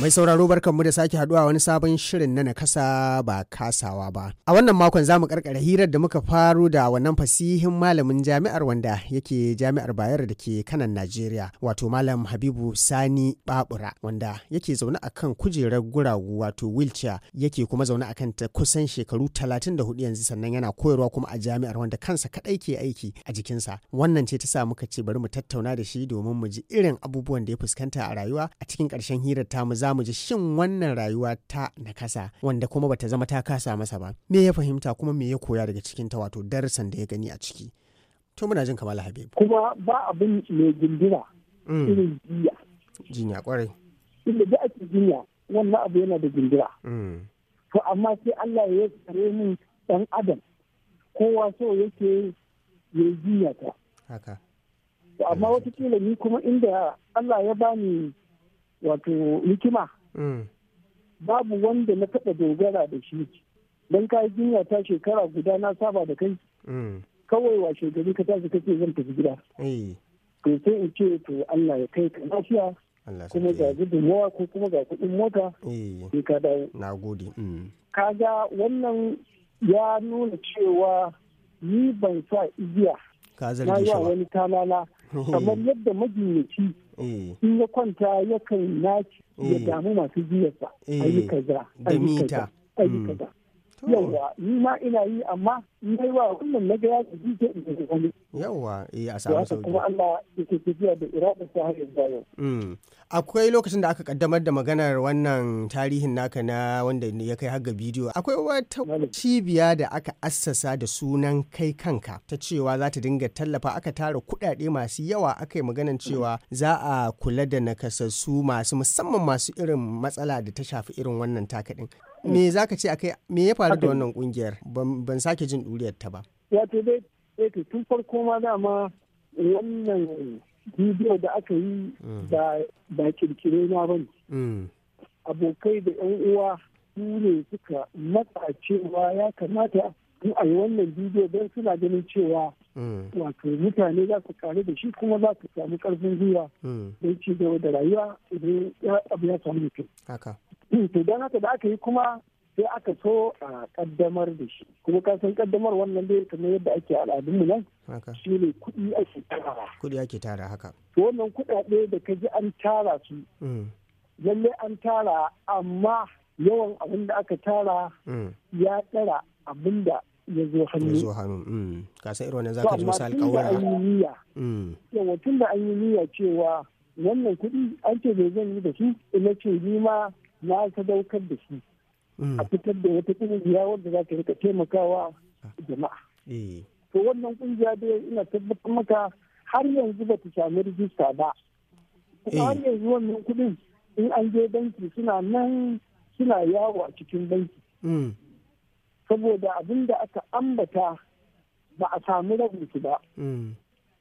Mai sauraro mu da sake haduwa wani sabon shirin na nakasa ba kasawa ba. A wannan makon zamu karkara hirar da muka faru da wannan fasihin malamin jami'ar wanda yake jami'ar bayar da ke kanan Najeriya, wato Malam Habibu Sani Babura wanda yake zaune a kan kujerar guragu wato wheelchair yake kuma zaune akan ta kusan shekaru 34 yanzu sannan yana koyarwa kuma a jami'ar wanda kansa kadai ke aiki a jikinsa. Wannan ce ta sa muka ce bari mu tattauna da shi domin mu ji irin abubuwan da ya fuskanta a rayuwa a cikin karshen hirar ta mu za za mu ji shin wannan rayuwa ta na kasa. wanda kuma bata zama ta kasa masa ba me ya fahimta kuma me ya koya daga cikin ta wato darasan da ya gani a ciki to muna jin kamala habib kuma ba abin me gindira mm. irin jiya jinya kwarai inda da ake jinya wannan abu yana da gindira mm. to amma sai Allah ya tsare min dan adam kowa so yake ya jinya ta haka amma watakila ni kuma inda Allah ya bani wato hikima mm. babu wanda na taɓa dogara da shi don ka yi jinya ta shekara guda na saba da kai mm. kawai wa shekaru ka tashi kake zan tafi gida to sai in ce to Allah ya kai ka lafiya kuma ga gudun yawa ko kuma ga kuɗin mota sai ka dawo na gode mm. kaga wannan ya nuna cewa ni ban sa igiya na yi wani talala kamar oh. yadda majinyaci oh. in ya kwanta yakan naci ya oh. damu masu jiyarsa ayi kaza hmm. yawa ni ma ina yi amma in yi wa wannan na ga ya ji sai in wani yawwa eh a samu sauki kuma Allah yake tafiya da irada ta har yanzu mm. akwai lokacin da aka kaddamar da maganar wannan tarihin naka na wanda ya kai har ga bidiyo akwai wata cibiya da aka assasa da sunan kai kanka ta cewa za ta dinga tallafa aka tara kuɗaɗe masu yawa aka yi maganar mm. cewa za a kula da nakasassu masu musamman masu irin matsala da ta shafi irin wannan takaɗin mm. me za ka ce akai me ya faru da wannan kungiyar ban sake jin ɗuriyar ta ba wato dai eh to tun farko ma dama wannan bidiyo da aka yi mm. ba kirkire na ba mm. abokai da yan uwa su ne suka matsa cewa ya kamata in a yi wannan bidiyo don suna ganin cewa mm. wato mutane za su kare da shi kuma za su samu karfin gwiwa don ci gaba da rayuwa idan abu ya samu mutum to don haka da aka yi kuma sai aka so a kaddamar da shi kuma ka san kaddamar wannan dai kamar yadda ake al'adunmu nan shi ne kuɗi ake tara kuɗi ake tara haka to wannan kuɗaɗe da ka ji an tara su mm. lalle an tara amma yawan abin da aka tara mm. ya tsara abin da ya zo hannu. Ya zo hannu. Mm. Ka san irin wannan zaka ji misali alƙawura. Amma niyya. Yawa tun da an yi niyya cewa wannan kuɗi an ce bai zan yi da su ina ce ni ma na sadaukar da su. a mm. fitar da wata kungiya wadda za ta rika taimakawa jama'a eh. to wannan kungiya dai ina tabbatar maka har yanzu ba ta sami rijista ba kuma har eh. yanzu wannan kudin in an je banki suna nan suna yawo a cikin banki mm. saboda abin da aka ambata ba a samu rabin su ba mm.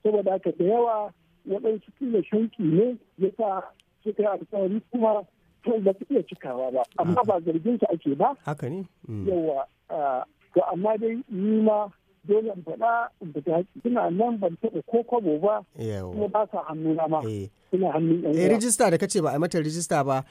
saboda haka da yawa waɗansu kila shanki ne ya sa suka yi alkawari kuma to ba su iya cikawa ba amma ba zargin ta ake ba haka ne hmm. yawa to amma dai ni ma dole in faɗa in fita suna nan ban taɓa ko kwabo ba kuma ba sa hannu na ma suna eh. hannu ɗan eh, uwa rijista da kace ba a mata rijista ba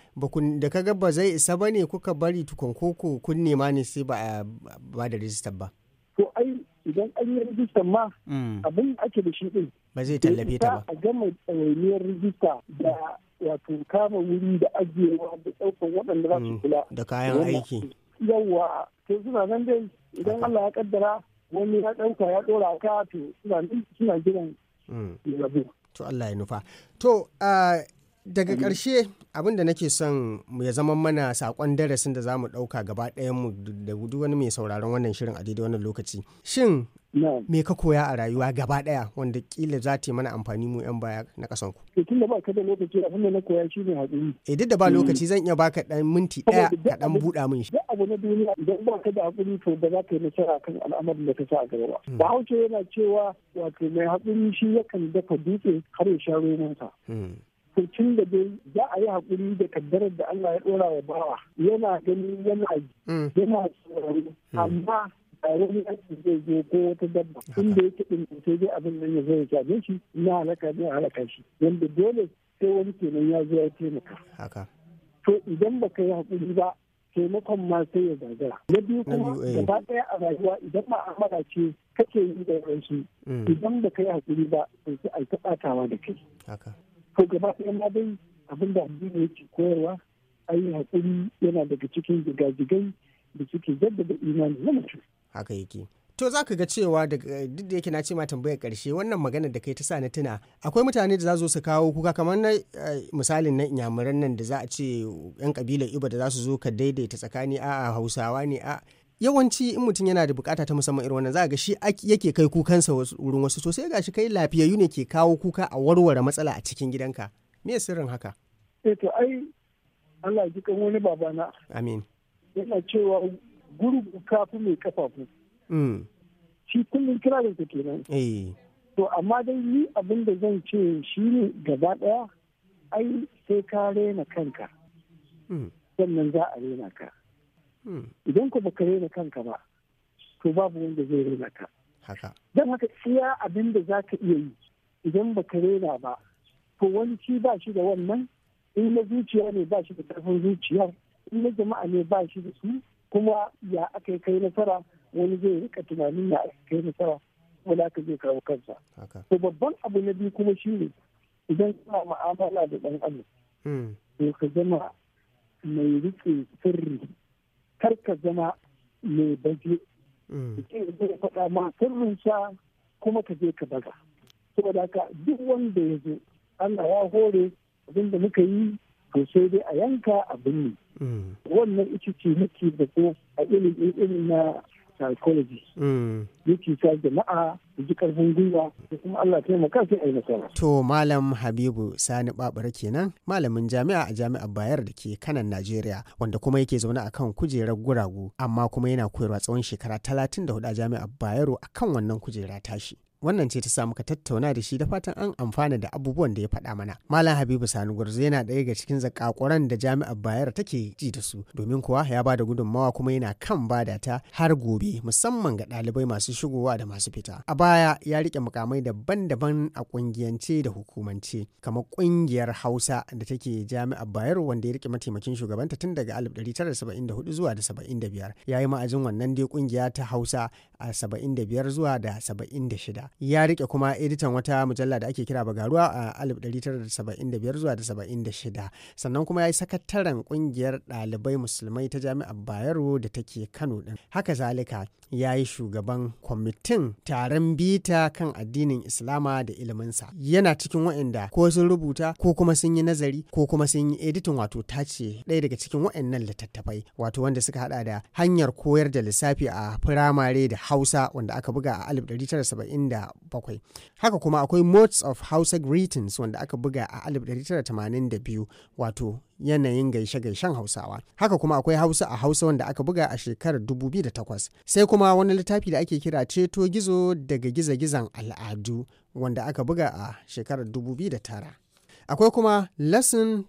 da ka ga ba zai isa ba ne kuka bari tukun koko kun nema ne sai ba ba da rijista ba to ai idan an yi rijista ma hmm. abin ake da shi ɗin ba zai tallafe ta ba a gama tsawainiyar rijista da wato kama wuri da ajiyewa da ɗaukar waɗanda za su mm, kula da kayan aiki yawa to suna nan dai idan Allah ya kaddara wani ya ɗauka ya ɗora ka to suna nan suna jiran yabo mm. to Allah ya nufa to ah, daga ƙarshe abin da nake son ya zama mana saƙon darasin da za mu ɗauka gaba mu da gudu wani mai sauraron wannan shirin a daidai wannan lokaci shin me ka koya a rayuwa gaba ɗaya wanda ƙila za ta mana amfani mu yan baya na ƙasan ku tun da ba lokaci koya shi ne haƙuri eh, duk da ba mm. lokaci zan iya baka ɗan minti ɗaya ka ɗan buɗa min shi abu na duniya idan ba da haƙuri to ba za ka yi nasara kan al'amarin da ka sa a gaba ba mm. bahaushe yana cewa wato mai haƙuri shi yakan dafa dutse har ya sha sa to tun da dai za a yi hakuri da kaddarar da Allah ya ɗora wa bawa yana gani yana mm. yana tsoroni mm. amma a wani yanki zai je ko wata dabba inda yake ɗin sai dai abin nan ya zo ya shi na halaka ne halaka shi Wanda dole sai wani kenan ya zo ya taimaka. To idan ba ka yi haƙuri ba taimakon ma sai ya gagara. Na biyu kuma eh. gaba ɗaya a rayuwa idan ma'amala ce kake yi da yansu mm. idan ba ka yi haƙuri ba sai a ta da kai. ko gaba ɗaya ma dai abin da addini yake koyarwa ayi hakuri yana daga cikin gigajigai da suke jaddada imani na mutum haka yake to za ka ga cewa duk da yake na ce ma tambayar karshe wannan magana da kai ta sa na tuna akwai mutane da za su kawo kuka kamar na eh, misalin na inyamuran nan da za a ce yan kabilar iba da za su zo ka daidaita tsakani a hausawa ne a yawanci in mutum yana da bukata ta musamman irin wannan za ga shi yake kai kukansa wurin wasu to sai gashi kai lafiyayyu ne ke kawo kuka a warware matsala a cikin gidanka me sirrin haka eh to ai Allah ji kan wani babana amin yana cewa gurgu kafi mai kafafu mm shi kullum kira da kenan eh to amma dai ni abin da zan ce shi ne gaba daya ai sai ka rena kanka mm. sannan za a rena ka Hmm. idan ku baka rena kanka ba to babu wanda zai rena ka don haka iya abin da za ka iya yi idan baka rena ba to wani ci ba shi da wannan in na zuciya ne ba shi da karfin zuciya in na jama'a ne ba shi da su kuma ya aka kai nasara wani zai rika tunanin ya aka kai nasara wani aka zai kawo kansa to babban abu na biyu kuma shi ne idan kana mu'amala da ɗan adam hmm. to ka zama mai rike sirri kar ka zama mai baje mm. mutum zai faɗa ma sa kuma ka je ka baza saboda haka duk wanda ya zo Allah ya hore abin da muka yi to sai dai a yanka abin ne mm. wannan ita ce nake da ko a ilimin irin na psychology mm. yake ta jama'a da ji karfin gwiwa da kuma Allah taimaka sai a yi To Malam Habibu Sani Babura kenan malamin jami'a a jami'ar Bayar da ke kanan Najeriya wanda kuma yake zaune a kan kujerar guragu amma kuma yana koyarwa tsawon shekara talatin da hudu a jami'ar Bayero a kan wannan kujera tashi. wannan ce ta samu ka tattauna da shi da fatan an amfana da abubuwan da ya faɗa mana malam habibu sani gwarzo yana ɗaya ga cikin zakakuran da jami'ar bayar take ji da su domin kuwa ya ba da gudunmawa kuma yana kan bada ta har gobe musamman ga ɗalibai masu shigowa da masu fita a baya ya rike mukamai daban-daban a ƙungiyance da hukumance kamar ƙungiyar hausa da take jami'ar bayar wanda ya rike mataimakin shugabanta tun daga 1974 zuwa da 75 ya yi ma'ajin wannan dai kungiya ta hausa a 75 zuwa da 76 ya rike kuma editan wata mujalla da ake kira bagaruwa a 1975 zuwa da 76 sannan kuma ya yi sakataren kungiyar ɗalibai musulmai ta jami'ar bayero da take kano ɗin, haka zalika ya yi shugaban kwamitin taron bita kan addinin islama da iliminsa yana cikin wa'inda ko sun rubuta ko kuma sun yi nazari ko kuma sun yi editin wato tace ɗaya daga cikin waɗannan littattafai wato wanda suka hada da hanyar koyar da lissafi a firamare da hausa wanda aka buga a 1970 bakwai haka kuma akwai modes of hausa greetings wanda aka buga a 1982 wato yanayin gaishe-gaishen hausawa haka kuma akwai hausa a hausa wanda aka buga a shekarar 2008 sai kuma wani littafi da ake kira ceto gizo daga giza-gizan al'adu wanda aka buga a shekarar 2009 akwai kuma lesson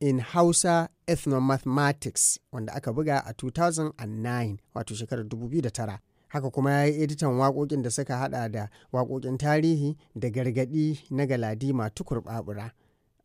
in Hausa Ethnomathematics wanda aka buga a 2009 wato shekarar 2009 haka kuma ya yi editan waƙoƙin da suka hada da waƙoƙin tarihi da gargaɗi na galadima tukur babura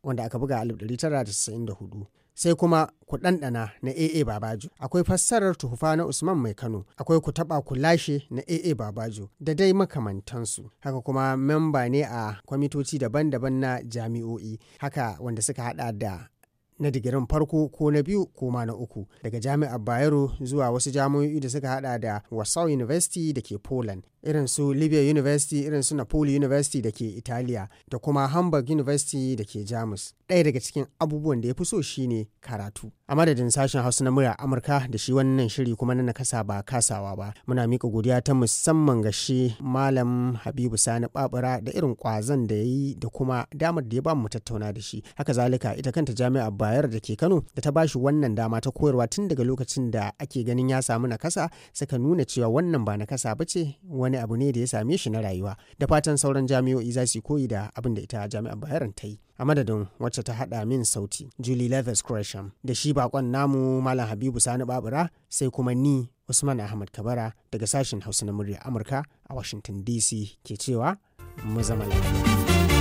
wanda aka buga a 1994 sai kuma ku ɗanɗana na aa babaju akwai fassarar tuhufa na usman mai kano akwai ku taɓa ku lashe na aa babaju da dai makamantansu haka kuma memba ne a kwamitoci daban-daban na jami'o'i haka wanda suka hada da na digirin farko ko na biyu ko ma na uku daga jami'ar bayero zuwa wasu jami'o'i da suka hada da wasau university da ke poland irin su libya university irin su napoli university da ke italiya da kuma hamburg university da ke jamus ɗaya daga cikin abubuwan da ya fi so shine karatu a madadin sashen hausa na murya amurka da shi wannan shiri kuma na nakasa ba kasawa ba muna mika godiya ta musamman ga shi malam habibu sani babura da irin kwazon da ya yi da kuma damar da ya ba mu tattauna da shi haka zalika ita kanta jami'a bayar da ke kano da ta bashi wannan dama ta koyarwa tun daga lokacin da ake ganin ya samu nakasa suka nuna cewa wannan ba nakasa ba ce wani abu ne da ya same shi na rayuwa da fatan sauran jami'o'i za su koyi da abin da ita jami'ar Bayero ta yi a madadin wacce ta haɗa min sauti Julie levis Gresham da shi bakon namu Malam Habibu Sani Babura sai kuma ni Usman Ahmad Kabara daga sashen Hausa na murya Amurka a Washington DC ke cewa mu zama lafiya.